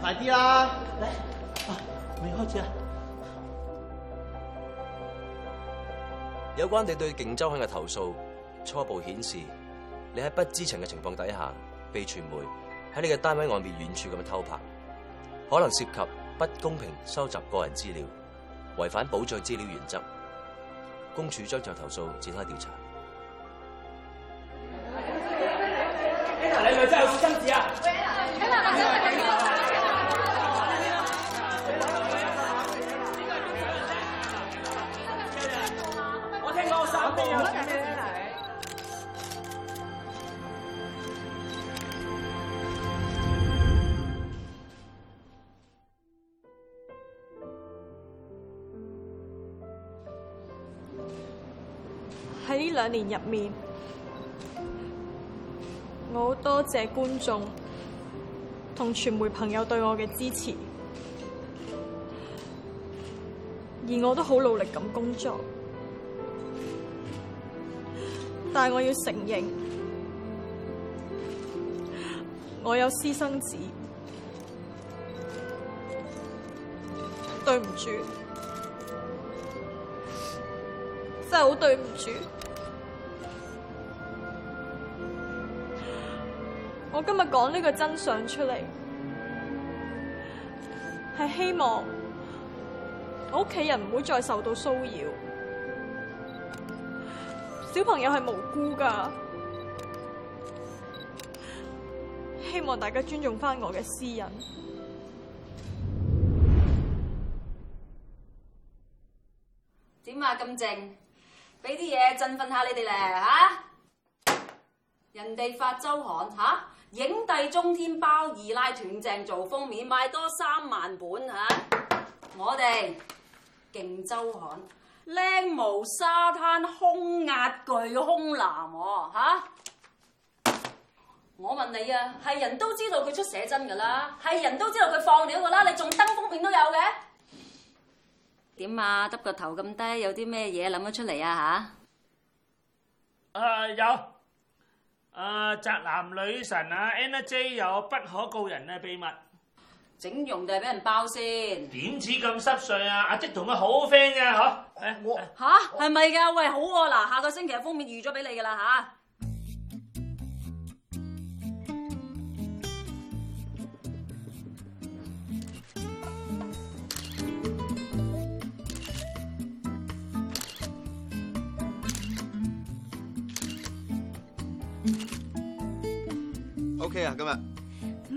快啲啦！嚟，未開始啊？有關你對勁州鄉嘅投訴，初步顯示你喺不知情嘅情況底下被傳媒喺你嘅單位外面遠處咁偷拍，可能涉及不公平收集個人資料，違反保障資料原則。公署將就投訴展開調查。喺呢兩年入面，我多謝觀眾同傳媒朋友對我嘅支持，而我都好努力咁工作。但我要承認，我有私生子，對唔住，真係好對唔住。我今日講呢個真相出嚟，係希望我屋企人唔會再受到騷擾。小朋友係無辜噶希望大家尊重翻我嘅私隱。這麼點啊，咁靜，俾啲嘢振奮下你哋咧吓！人哋發周刊，吓、啊，影帝中天包二奶斷正做封面，賣多三萬本吓、啊，我哋勁周刊。靚模沙灘胸壓巨胸男，我吓，我問你啊，係人都知道佢出寫真噶啦，係人都知道佢放料噶啦，你仲登封面都有嘅？點啊？耷個頭咁低，有啲咩嘢諗得出嚟啊？吓？誒有誒，宅男女神啊，Anna.J 有不可告人嘅秘密。整容定係俾人爆先？點似咁濕碎啊！阿 Dick 同佢好 friend 嘅嗬，吓係咪㗎？喂，好喎！嗱，下個星期嘅封面預咗俾你㗎啦吓。OK 啊，今日。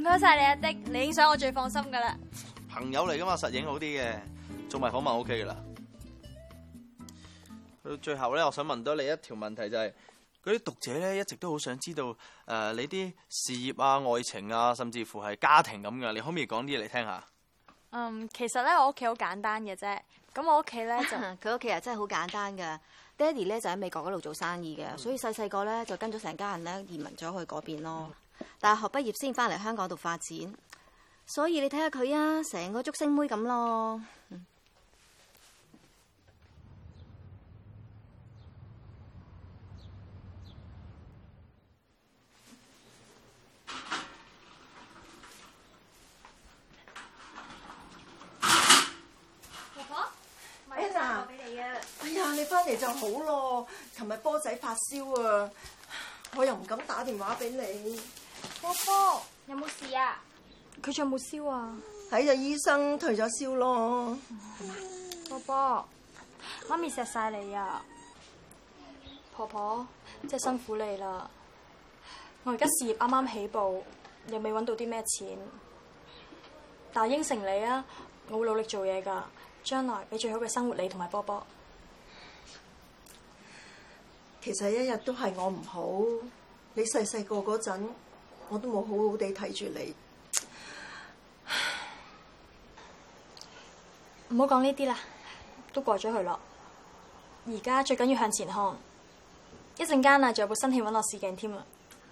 唔該晒你阿 Dick，你影相我最放心噶啦。朋友嚟噶嘛，實影好啲嘅，做埋訪問 OK 噶啦。咁最後咧，我想問多你一條問題，就是，就係嗰啲讀者咧一直都好想知道誒、呃，你啲事業啊、愛情啊，甚至乎係家庭咁噶，你可唔可以講啲嘢嚟聽下？嗯，其實咧我屋企好簡單嘅啫。咁我屋企咧就佢屋企啊，真係好簡單噶。爹哋咧就喺美國嗰度做生意嘅，所以細細個咧就跟咗成家人咧移民咗去嗰邊咯。大學畢業先翻嚟香港度發展，所以你睇下佢啊，成個竹升妹咁咯。婆婆，咪你娜，Anna, 哎呀，你翻嚟就好咯。琴日波仔發燒啊，我又唔敢打電話俾你。波波有冇事啊？佢仲有冇燒啊？睇咗醫生，退咗燒咯。波波，媽咪錫晒你啊！婆婆真係辛苦你啦。我而家事業啱啱起步，又未搵到啲咩錢，但係應承你啊，我會努力做嘢噶，將來俾最好嘅生活你同埋波波。其實一日都係我唔好，你細細個嗰陣，我都冇好好地睇住你，唔好講呢啲啦，都過咗去咯。而家最緊要向前看，一陣間啊，仲有部新戲揾我試鏡添啊。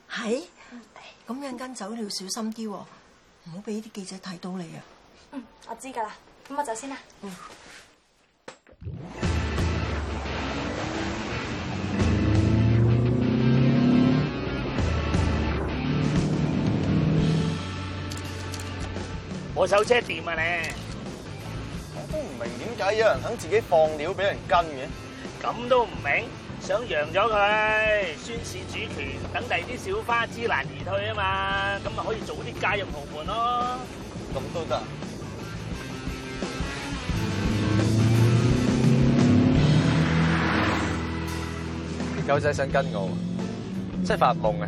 係、嗯，咁一陣間走，你要小心啲，唔好俾啲記者睇到你啊。嗯，我知噶啦，咁我走先啦。嗯。我手車店啊，你我都唔明點解有人肯自己放料俾人跟嘅，咁都唔明，想讓咗佢宣示主權，等第啲小花知難而退啊嘛，咁咪可以早啲加入豪門咯，咁都得。啲狗仔想跟我，真係發夢啊！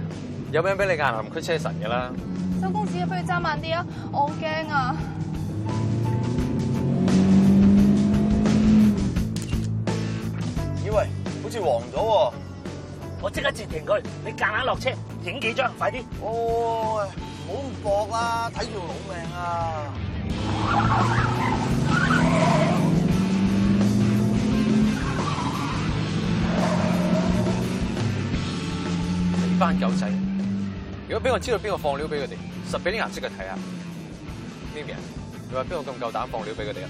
有咩俾你亞南區車神噶啦？張公子，不如揸慢啲啊！我好驚啊！咦喂，好似黃咗喎！我即刻截停佢，你夾硬落車影幾張，快啲！哦，唔好咁搏啦，睇住老命啦！呢班狗仔，如果俾我知道邊個放料俾佢哋，就俾啲顏色佢睇啊！Mimi，你話邊個咁夠膽放料俾佢哋啊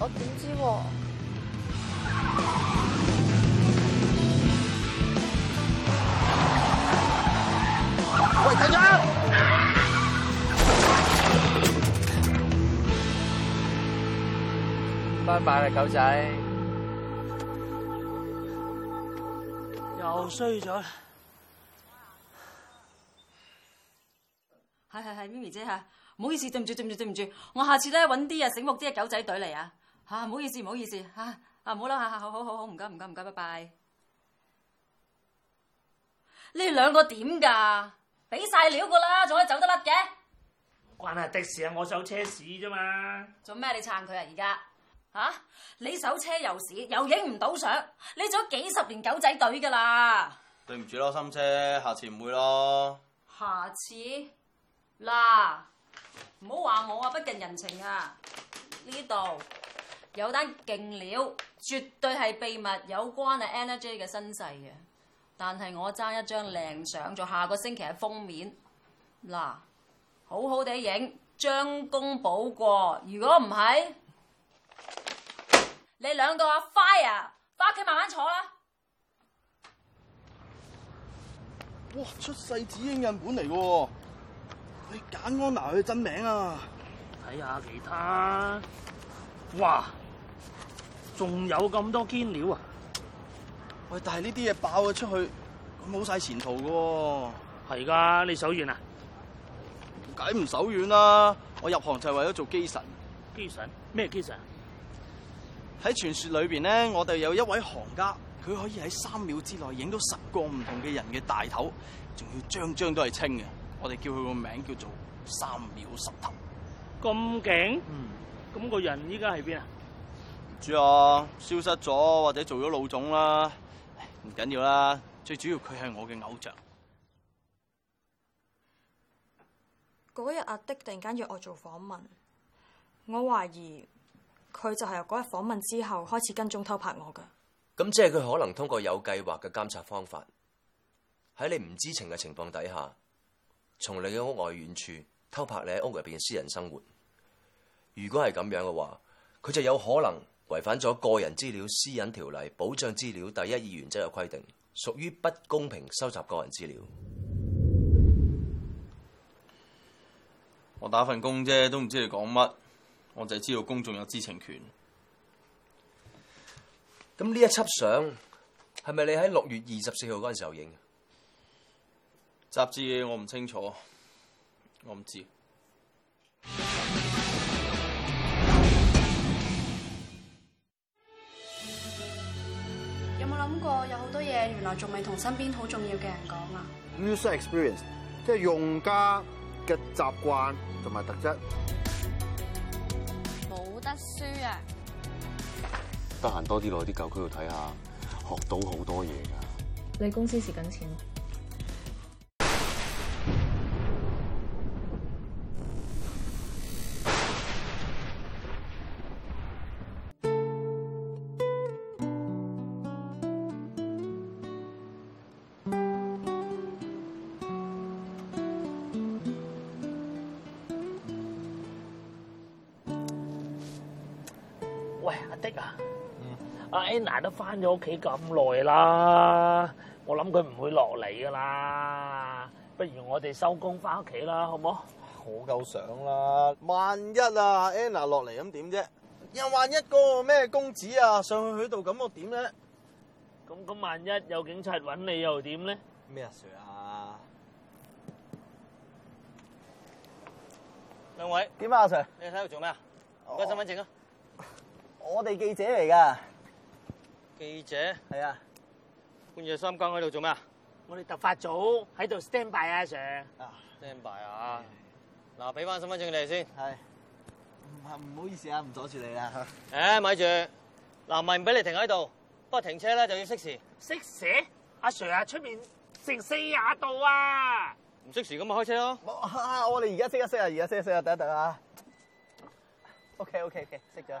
？Ia, 我點知啊？喂，開槍！拜拜啦，狗仔！又衰咗。係係係，咪咪姐吓，唔好意思，對唔住對唔住對唔住，我下次咧揾啲啊醒目啲嘅狗仔隊嚟啊吓，唔好意思唔好意思吓啊唔好啦吓，好好好好，唔該唔該唔該，拜拜。呢兩個點噶俾晒料噶啦，仲可以走得甩嘅？關係的士啊，我手車屎啫嘛。做咩你撐佢啊？而家吓你手車又屎又影唔到相，你做咗幾十年狗仔隊噶啦。對唔住咯，心姐，下次唔會咯。下次。嗱，唔好話我啊，不近人情啊！呢度有單勁料，絕對係秘密，有關 Anna J 嘅身世嘅。但係我爭一張靚相做下個星期嘅封面，嗱、啊，好好地影，將功補過。如果唔係，你兩個阿輝啊，翻屋企慢慢坐啦。哇！出世紙影印本嚟嘅。你揀安娜佢真名啊！睇下其他，哇，仲有咁多堅料啊！喂，但係呢啲嘢，爆咗出去，佢冇晒前途噶。係噶，你手軟啊？解唔手軟啦！我入行就係為咗做機神。機神咩？機神？喺傳說裏邊咧，我哋有一位行家，佢可以喺三秒之內影到十個唔同嘅人嘅大頭，仲要張張都係清嘅。我哋叫佢個名叫做三秒十頭。咁勁？嗯，咁個人依家喺邊啊？唔知啊，消失咗或者做咗老總啦，唔緊要啦。最主要佢係我嘅偶像。嗰日阿的突然間約我做訪問，我懷疑佢就係由嗰日訪問之後開始跟蹤偷拍我噶。咁即係佢可能通過有計劃嘅監察方法，喺你唔知情嘅情況底下，從你嘅屋外遠處偷拍你喺屋入邊嘅私人生活，如果係咁樣嘅話，佢就有可能違反咗個人資料私隱條例保障資料第一二原則嘅規定，屬於不公平收集個人資料。我打份工啫，都唔知你講乜，我就係知道公眾有知情權。咁呢一輯相係咪你喺六月二十四號嗰陣時候影？雜誌我唔清楚，我唔知。有冇諗過有好多嘢原來仲未同身邊好重要嘅人講啊？User experience 即係用家嘅習慣同埋特質。冇得輸啊！得閒多啲落啲舊區度睇下，學到好多嘢噶。你公司蝕緊錢？的啊，嗯，阿 Anna 都翻咗屋企咁耐啦，我諗佢唔會落嚟噶啦，不如我哋收工翻屋企啦，好唔好？好夠想啦，萬一啊 Anna 落嚟咁點啫？又萬一個咩公子啊上去佢度咁我點咧？咁咁萬一有警察搵你又點咧？咩啊 Sir 啊？兩位，點啊 Sir？你喺度做咩啊？唔該身份證啊！我哋記者嚟噶記者？係啊，半夜三更喺度做咩啊？我哋突發組喺度 stand by 阿 Sir，stand by 啊，嗱，俾翻身份證你先，係唔好意思啊，唔阻住你啦，誒，咪住，嗱，咪唔俾你停喺度，不過停車咧就要熄匙，熄匙？阿 Sir 啊，出面成四廿度啊，唔熄匙咁咪開車咯，我哋而家熄一熄啊，而家熄一熄啊，等一等啊，OK OK OK，熄咗。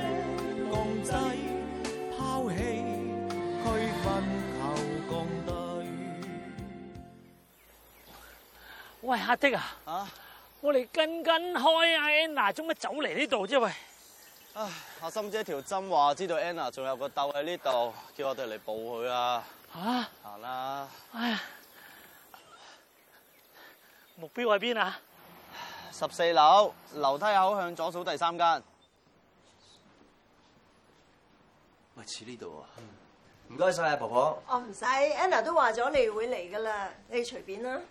喂，阿迪啊，吓、啊，我哋跟跟開 Anna 做乜走嚟呢度啫？喂、啊，唉，阿心姐條針話知道 Anna 仲有個竇喺呢度，叫我哋嚟報佢啊！吓、啊，行啦吧！唉、哎，目標喺邊啊？十四樓樓梯口向左數第三間。咪似呢度啊？唔該晒啊，婆婆。哦，唔使，Anna 都話咗你會嚟噶啦，你隨便啦。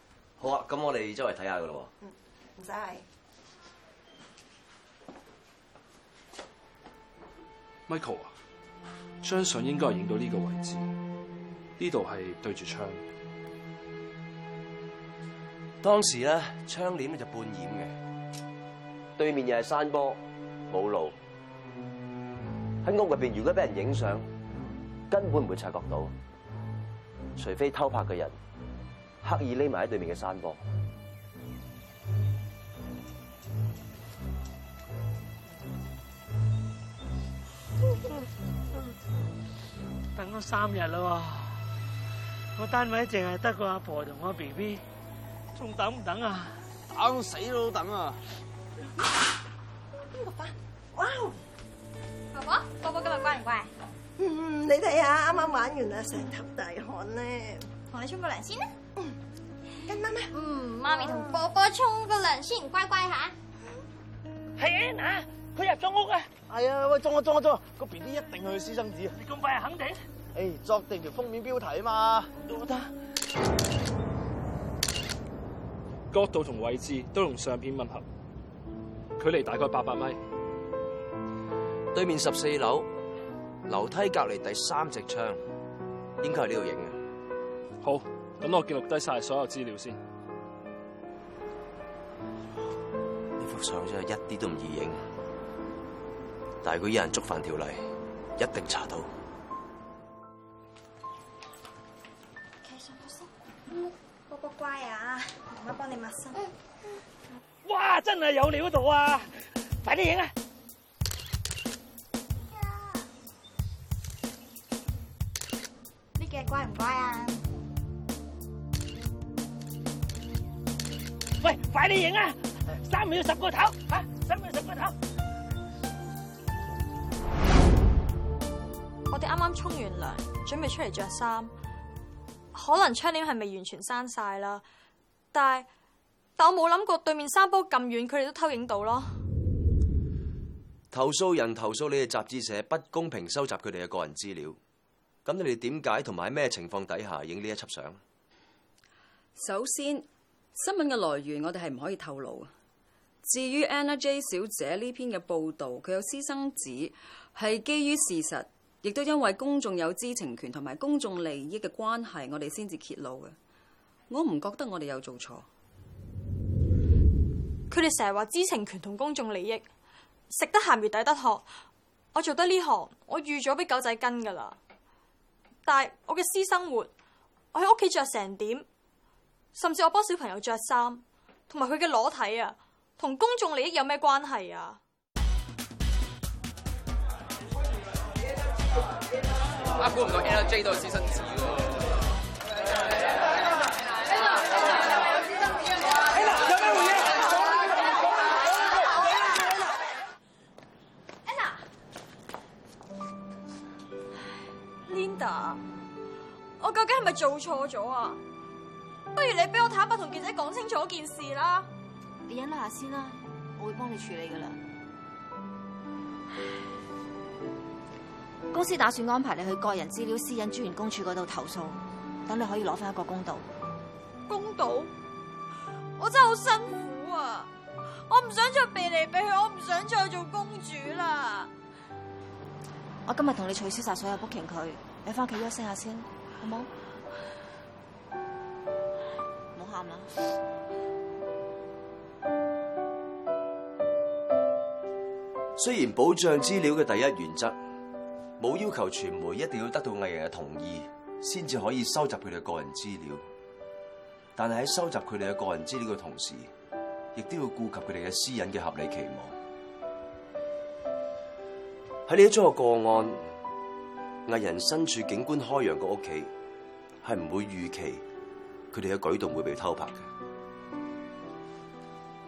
好啊，咁我哋周圍睇下噶咯。嗯，唔使。Michael 啊，張相應該係影到呢個位置，呢度係對住窗。當時咧，窗簾咧就半掩嘅，對面又係山坡，冇路。喺屋入邊，如果俾人影相，根本唔會察覺到，除非偷拍嘅人，刻意匿埋喺對面嘅山坡，等咗三日咯。我單位淨係得個阿婆同我 BB，仲等唔等啊？等死都等啊！爸爸，哇、哦婆婆！爸爸，爸爸今日乖唔乖？嗯，你睇下，啱啱玩完啊，成頭大汗咧。同你沖個涼先啦。媽、嗯、咪伯伯乖乖，嗯，媽咪同波波沖個涼先，乖乖吓。係啊，嗱，佢入咗屋啊。係啊，喂，裝啊裝啊裝，個 B B 一定係私生子啊。你咁快肯定？誒、哎，作定條封面標題啊嘛、嗯。得。角度同位置都同相片吻合，距離大概八百米，對面十四樓，樓梯隔籬第三隻窗，應該係呢度影嘅。好。等我記錄低晒所有資料先。呢幅相真係一啲都唔易影，但係如果有人觸犯條例，一定查到。其實我識，我乖乖啊，媽媽幫你抹身。哇，真係有料到啊！快啲影啊！呢幾日乖唔乖啊？快啲影啊！三秒十個頭，吓，三秒十個頭。我哋啱啱沖完涼，準備出嚟着衫，可能窗簾係咪完全閂晒啦？但係，但我冇諗過對面山坡咁遠，佢哋都偷影到咯。投訴人投訴你哋雜誌社不公平收集佢哋嘅個人資料，咁你哋點解同埋喺咩情況底下影呢一輯相？首先。新聞嘅來源我哋係唔可以透露。至於 Anna J 小姐呢篇嘅報道，佢有私生子，係基於事實，亦都因為公眾有知情權同埋公眾利益嘅關係，我哋先至揭露嘅。我唔覺得我哋有做錯。佢哋成日話知情權同公眾利益，食得鹹魚抵得渴。我做得呢行，我預咗俾狗仔跟噶啦。但係我嘅私生活，我喺屋企着成點？甚至我幫小朋友着衫，同埋佢嘅裸體啊，同公眾利益有咩關係啊？啊、yes. okay. in，估唔到 Anna J 都有私生子喎！Anna，Linda，我究竟係咪做錯咗啊？不如你俾我坦白同傑仔講清楚件事啦。你忍耐下先啦，我會幫你處理噶啦。公司打算安排你去個人資料私隱專員公署嗰度投訴，等你可以攞翻一個公道，公道。公道？我真係好辛苦啊！我唔想再避嚟避去，我唔想再做公主啦。我今日同你取消晒所有 booking，佢你翻屋企休息下先，好冇？雖然保障資料嘅第一原則，冇要求傳媒一定要得到藝人嘅同意，先至可以收集佢哋個人資料。但係喺收集佢哋嘅個人資料嘅同時，亦都要顧及佢哋嘅私隱嘅合理期望。喺呢一宗個案，藝人身處景觀開揚嘅屋企，係唔會預期佢哋嘅舉動會被偷拍嘅，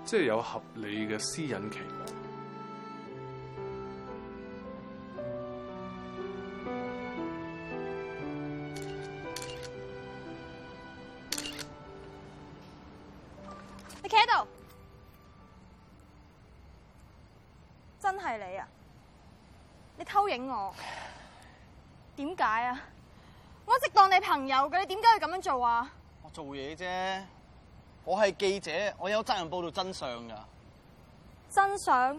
即係有合理嘅私隱期望。你企喺度，真係你啊！你偷影我，點解啊？我一直當你朋友嘅，你點解要咁樣做啊？我做嘢啫，我係記者，我有責任報道真相噶。真相？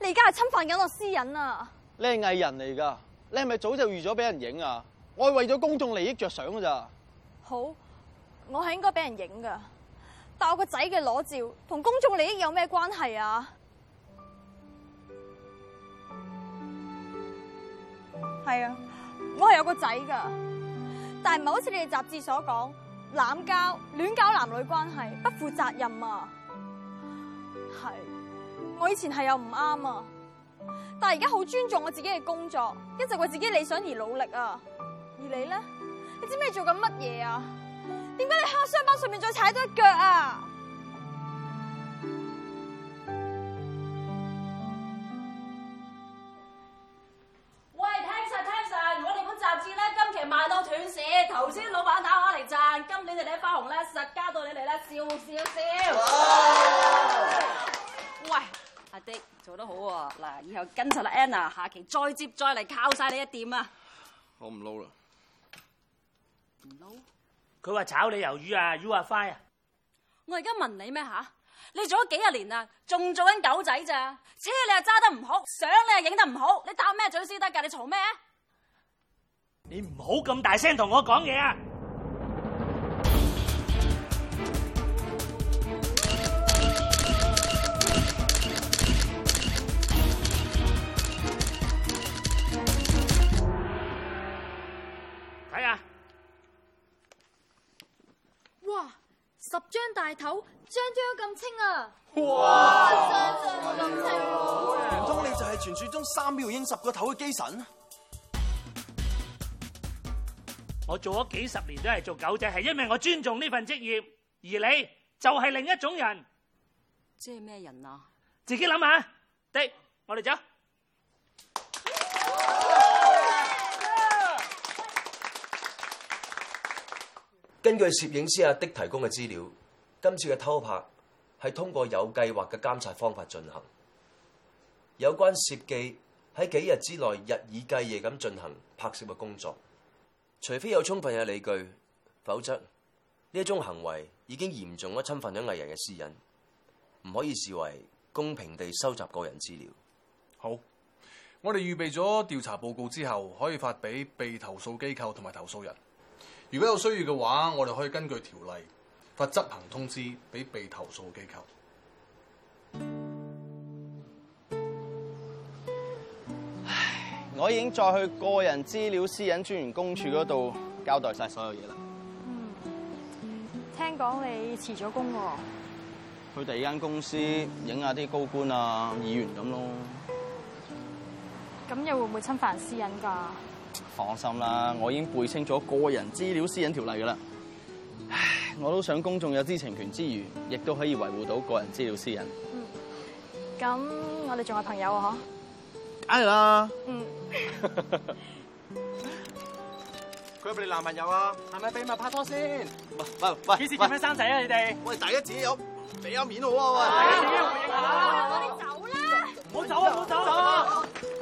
你而家係侵犯緊我私隱啊！你係藝人嚟噶，你係咪早就預咗俾人影 啊？我係為咗公眾利益着想噶咋。好，我係應該俾人影噶，但我個仔嘅裸照同公眾利益有咩關係啊？係啊，我係有個仔噶，但係唔係好似你哋雜誌所講。濫交、亂搞男女關係、不負責任啊！係，我以前係有唔啱啊，但係而家好尊重我自己嘅工作，一直為自己理想而努力啊。而你咧，你知唔知做緊乜嘢啊？點解你喺我傷疤上面再踩多一腳啊？笑少笑，笑，喂，阿迪，做得好喎！嗱，以後跟實啦 Anna，下期再接再厲，靠晒你一點啊！我唔撈啦。唔撈？佢話炒你魷魚啊？You are fire. 我而家問你咩吓？你做咗幾啊年啊？仲做緊狗仔咋？車你又揸得唔好，相你又影得唔好，你答咩嘴先得噶？你嘈咩？你唔好咁大聲同我講嘢啊！十張大頭，張張咁清啊，啊！哇了，張張咁清，唔通了你就係傳說中三秒影十個頭嘅機神？我做咗幾十年都係做狗仔，係因為我尊重呢份職業，而你就係另一種人。即係咩人啊？自己諗下。Dick，我哋走。根據攝影師阿 Dick 提供嘅資料，今次嘅偷拍係通過有計劃嘅監察方法進行。有關攝記喺幾日之內日以繼夜咁進行拍攝嘅工作，除非有充分嘅理據，否則呢一種行為已經嚴重咁侵犯咗藝人嘅私隱，唔可以視為公平地收集個人資料。好，我哋預備咗調查報告之後，可以發俾被投訴機構同埋投訴人。如果有需要嘅話，我哋可以根據條例發執行通知俾被投訴機構。唉，我已經再去個人資料私隱專員公署嗰度交代晒所有嘢啦、嗯。聽講你辭咗工喎、啊？去第二間公司影下啲高官啊、議員咁咯。咁、嗯、又會唔會侵犯私隱噶？放心啦，我已經背清咗個人資料私隱條例噶啦。唉，我都想公眾有知情權之餘，亦都可以維護到個人資料私隱。嗯，咁我哋仲係朋友啊？嗬，梗係啦。嗯。佢係你男朋友啊？係咪秘密拍拖先？喂喂喂，幾時點樣生仔啊？你哋？大家自己俾面好啊，我哋走啦！唔好走啊！唔好走啊！